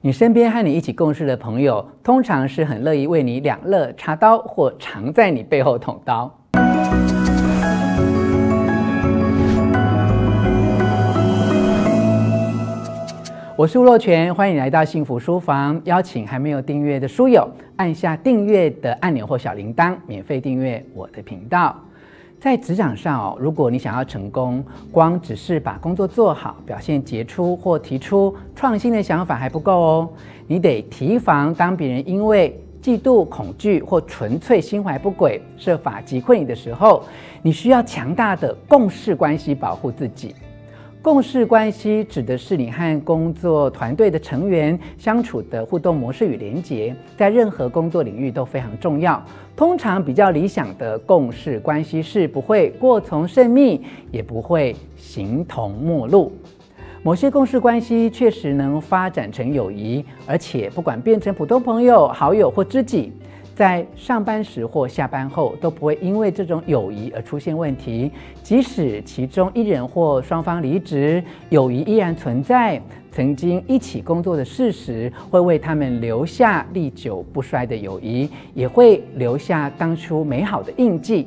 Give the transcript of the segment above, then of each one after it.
你身邊和你一起共事的朋友，通常是很樂意為你兩肋插刀，或常在你背後捅刀。我是吳若權，歡迎來到幸福書房。邀請還沒有訂閱的書友，按下訂閱的按鈕或小鈴鐺，免費訂閱我的頻道。在職場上哦，如果你想要成功，光只是把工作做好、表現傑出或提出創新的想法還不夠哦。你得提防當別人因為嫉妒、恐懼或純粹心懷不軌，設法擊潰你的時候，你需要強大的共事關係保護自己。共事關係指的是你和工作團隊的成員相處的互動模式與連結，在任何工作領域都非常重要。通常比較理想的共事關係是不會過從甚密，也不會形同陌路。某些共事關係確實能發展成友誼，而且不管變成普通朋友、好友或知己，在上班時或下班後都不會因為這種友誼而出現問題。即使其中一人或雙方離職，友誼依然存在。曾經一起工作的事實會為他們留下歷久不衰的友誼，也會留下當初美好的印記。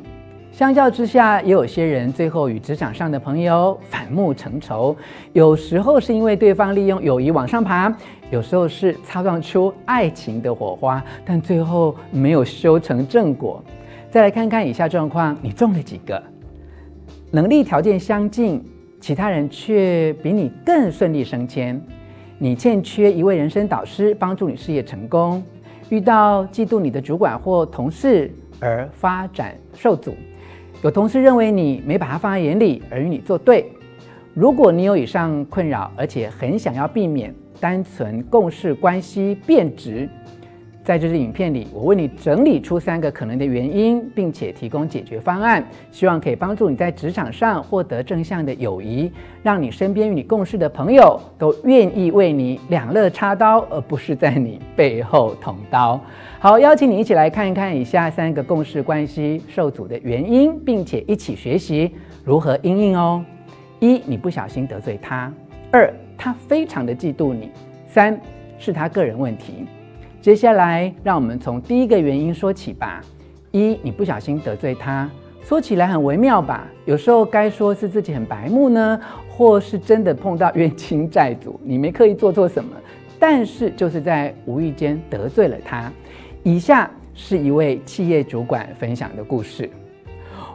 相較之下，也有些人最後與職場上的朋友反目成仇。有時候是因為對方利用友誼往上爬，有時候是擦撞出愛情的火花，但最後沒有修成正果。再來看看以下狀況，你中了幾個？能力條件相近，其他人卻比你更順利升遷。你欠缺一位人生導師幫助你事業成功，遇到嫉妒你的主管或同事而發展受阻。有同事認為你沒把他放在眼裡而與你作對。如果你有以上困擾，而且很想要避免單純共事關係變質。在這支影片裡，我為你整理出三個可能的原因，並且提供解決方案，希望可以幫助你在職場上獲得正向的友誼，讓你身邊與你共事的朋友都願意為你兩肋插刀，而不是在你背後捅刀。好，邀請你一起來看一看以下三個共事關係受阻的原因，並且一起學習如何因應哦。一，你不小心得罪他；二，他非常的嫉妒你；三是他個人問題。接下來，讓我們從第一個原因說起吧。一，你不小心得罪他，說起來很微妙吧？有時候該說是自己很白目呢，或是真的碰到冤親債主，你沒刻意做錯什麼，但是就是在無意間得罪了他。以下是一位企業主管分享的故事：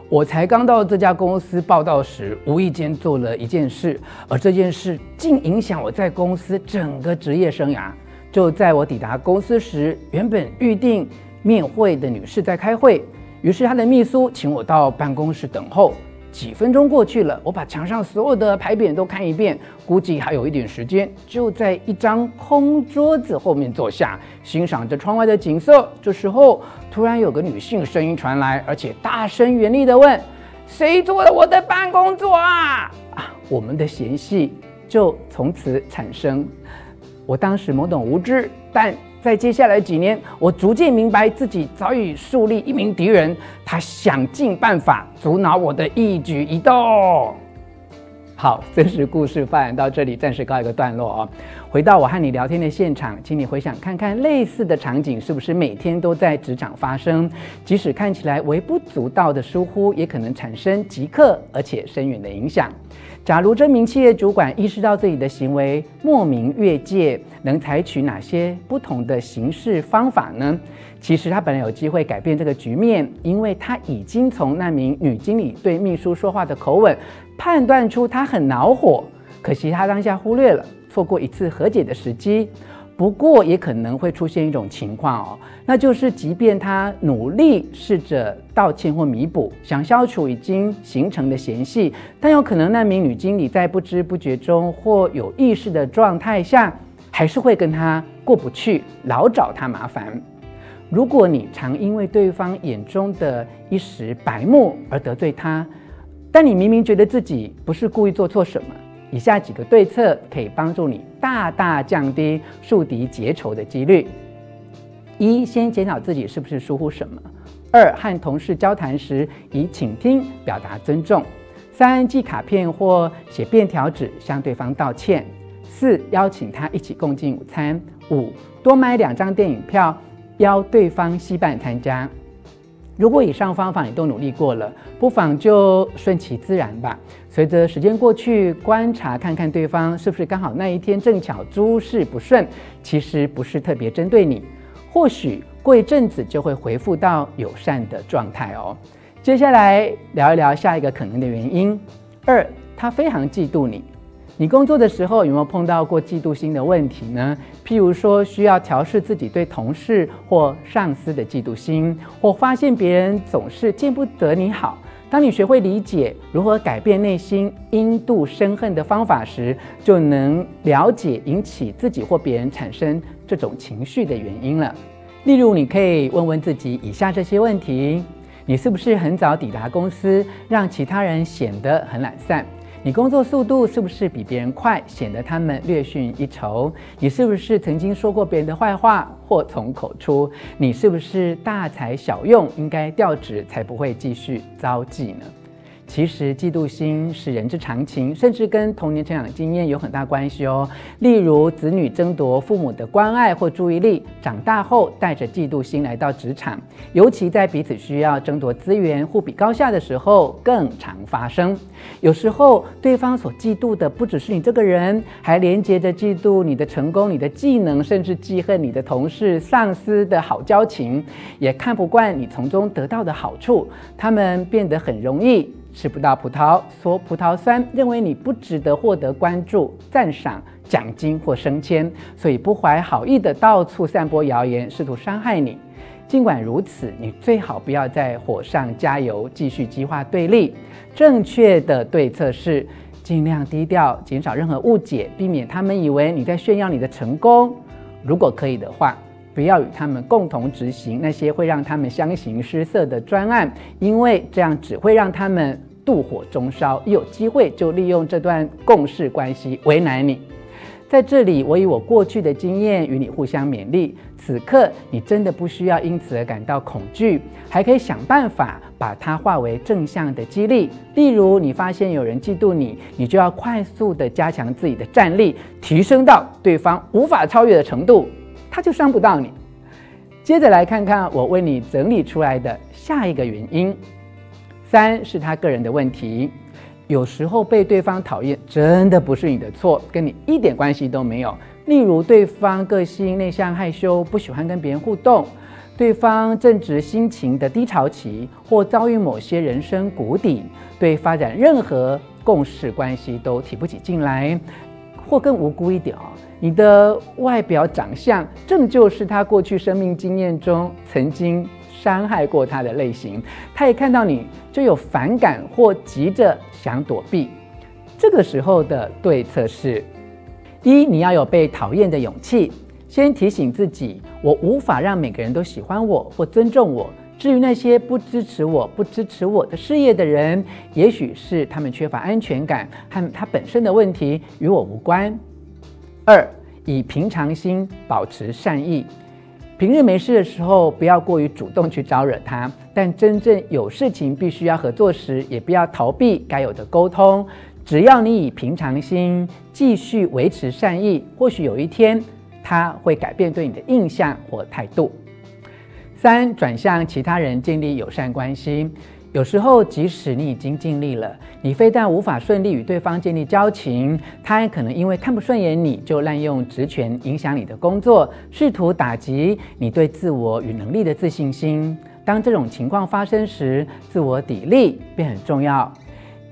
我才剛到這家公司報到時，無意間做了一件事，而這件事竟影響我在公司整個職業生涯。就在我抵達公司時，原本預定面會的女士在開會，於是她的秘書請我到辦公室等候。幾分鐘過去了，我把牆上所有的牌匾都看一遍，估計還有一點時間，就在一張空桌子後面坐下，欣賞着窗外的景色。這時候，突然有個女性聲音傳來，而且大聲嚴厲地問：“誰坐了我的辦公桌啊，啊？”我們的嫌隙就從此產生。我當時懵懂無知，但在接下來幾年，我逐漸明白自己早已樹立一名敵人，他想盡辦法阻撓我的一舉一動。好，真實故事發展到這裡，暫時告一個段落哦。回到我和你聊天的現場，請你回想看看，類似的場景是不是每天都在職場發生？即使看起來微不足道的疏忽，也可能產生即刻而且深遠的影響。假如這名企業主管意識到自己的行為莫名越界，能採取哪些不同的行事方法呢？其實他本來有機會改變這個局面，因為他已經從那名女經理對秘書說話的口吻。判斷出他很惱火，可惜他當下忽略了，錯過一次和解的時機。不過也可能會出現一種情況哦，那就是即便他努力試着道歉或彌補，想消除已經形成的嫌隙，但有可能那名女經理在不知不覺中或有意識的狀態下，還是會跟他過不去，老找他麻煩。如果你常因為對方眼中的一時白目而得罪他，但你明明覺得自己不是故意做錯什麼，以下幾個對策可以幫助你大大降低樹敵結仇的幾率：一、先檢討自己是不是疏忽什麼；二、和同事交談時以傾聽表達尊重；三、寄卡片或寫便條紙向對方道歉；四、邀請他一起共進午餐；五、多買兩張電影票邀對方偕伴參加。如果以上方法你都努力過了，不妨就順其自然吧。隨着時間過去，觀察看看對方是不是剛好那一天正巧諸事不順，其實不是特別針對你。或許過一陣子就會回復到友善的狀態哦。接下來聊一聊下一個可能的原因：二，他非常嫉妒你。你工作的時候有沒有碰到過嫉妒心的問題呢？譬如說，需要調試自己對同事或上司的嫉妒心，或發現別人總是見不得你好。當你學會理解如何改變內心因妒生恨的方法時，就能了解引起自己或別人產生這種情緒的原因了。例如，你可以問問自己以下這些問題：你是不是很早抵達公司，讓其他人顯得很懶散？你工作速度是不是比別人快，顯得他們略遜一籌？你是不是曾經說過別人的壞話？禍從口出。你是不是大材小用，應該調職才不會繼續遭忌呢？其實嫉妒心是人之常情，甚至跟童年成長的經驗有很大關係哦。例如，子女爭奪父母的關愛或注意力，長大後帶着嫉妒心來到職場，尤其在彼此需要爭奪資源、互比高下的時候更常發生。有時候，對方所嫉妒的不只是你這個人，還連接着嫉妒你的成功、你的技能，甚至記恨你的同事、上司的好交情，也看不慣你從中得到的好處，他們變得很容易。吃不到葡萄說葡萄酸，認為你不值得獲得關注、讚賞、獎金或升遷，所以不懷好意地到處散播謠言，試圖傷害你。儘管如此，你最好不要在火上加油，繼續激化對立。正確的對策是儘量低調，減少任何誤解，避免他們以為你在炫耀你的成功。如果可以的話，不要與他們共同執行那些會讓他們相形失色的專案，因為這樣只會讓他們。妒火中燒，一有機會就利用這段共事關係為難你。在這裡，我以我過去的經驗與你互相勉勵。此刻，你真的不需要因此而感到恐懼，還可以想辦法把它化為正向的激勵。例如，你發現有人嫉妒你，你就要快速地加強自己的戰力，提升到對方無法超越的程度，他就傷不到你。接着來看看我為你整理出來的下一個原因。三是他個人的問題，有時候被對方討厭，真的不是你的錯，跟你一點關係都沒有。例如，對方個性內向害羞，不喜歡跟別人互動；對方正值心情的低潮期，或遭遇某些人生谷底，對發展任何共事關係都提不起勁來；或更無辜一點啊，你的外表長相，正就是他過去生命經驗中曾經。傷害過他的類型，他一看到你就有反感或急着想躲避。這個時候的對策是：一，你要有被討厭的勇氣，先提醒自己，我無法讓每個人都喜歡我或尊重我。至於那些不支持我、不支持我的事業的人，也許是他們缺乏安全感和他本身的問題，與我無關。二，以平常心保持善意。平日沒事的時候，不要過於主動去招惹他；但真正有事情必須要合作時，也不要逃避該有的溝通。只要你以平常心繼續維持善意，或許有一天他會改變對你的印象或態度。三，轉向其他人建立友善關係。有時候，即使你已經盡力了，你非但無法順利與對方建立交情，他也可能因為看不順眼你就濫用職權，影響你的工作，試圖打擊你對自我與能力的自信心。當這種情況發生時，自我砥礪便很重要。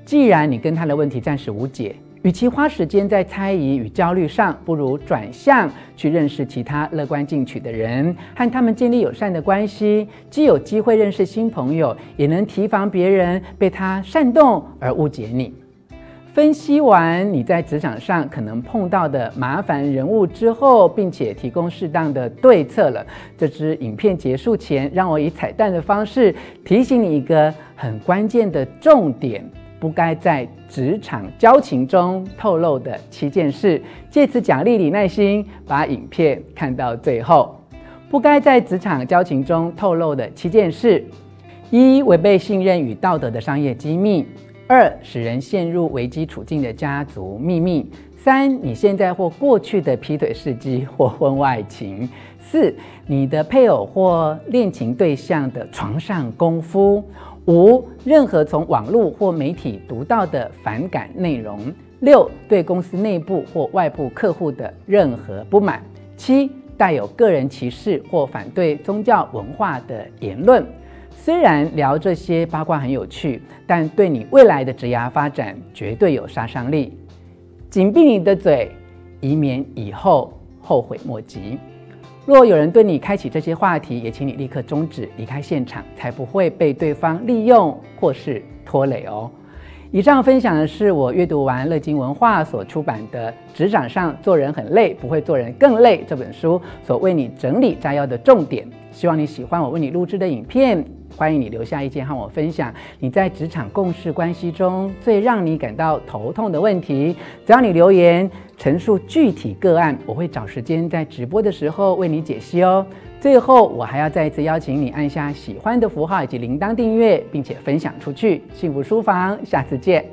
既然你跟他的問題暫時無解。與其花時間在猜疑與焦慮上，不如轉向去認識其他樂觀進取的人，和他們建立友善的關係，既有機會認識新朋友，也能提防別人被他煽動而誤解你。分析完你在職場上可能碰到的麻煩人物之後，並且提供適當的對策了。這支影片結束前，讓我以彩蛋的方式提醒你一個很關鍵的重點。不該在職場交情中透露的七件事，借此獎勵你耐心把影片看到最後。不該在職場交情中透露的七件事：一、違背信任與道德的商業機密；二、使人陷入危機處境的家族秘密；三、你現在或過去的劈腿事蹟或婚外情；四、你的配偶或戀情對象的床上功夫。五、任何從網絡或媒體讀到的反感內容。六、對公司內部或外部客戶的任何不滿。七、帶有個人歧視或反對宗教文化的言論。雖然聊這些八卦很有趣，但對你未來的職涯發展絕對有殺傷力。緊閉你的嘴，以免以後後悔莫及。若有人對你開啟這些話題，也請你立刻終止，離開現場，才不會被對方利用或是拖累哦。以上分享的是我閱讀完樂金文化所出版的《職場上做人很累，不會做人更累》這本書所為你整理摘要的重點。希望你喜歡我為你錄製的影片。歡迎你留下意見和我分享你在職場共事關係中最讓你感到頭痛的問題。只要你留言陳述具體個案，我會找時間在直播的時候為你解析哦。最後，我還要再次邀請你按下喜歡的符號以及鈴鐺訂閱，並且分享出去。幸福書房，下次見。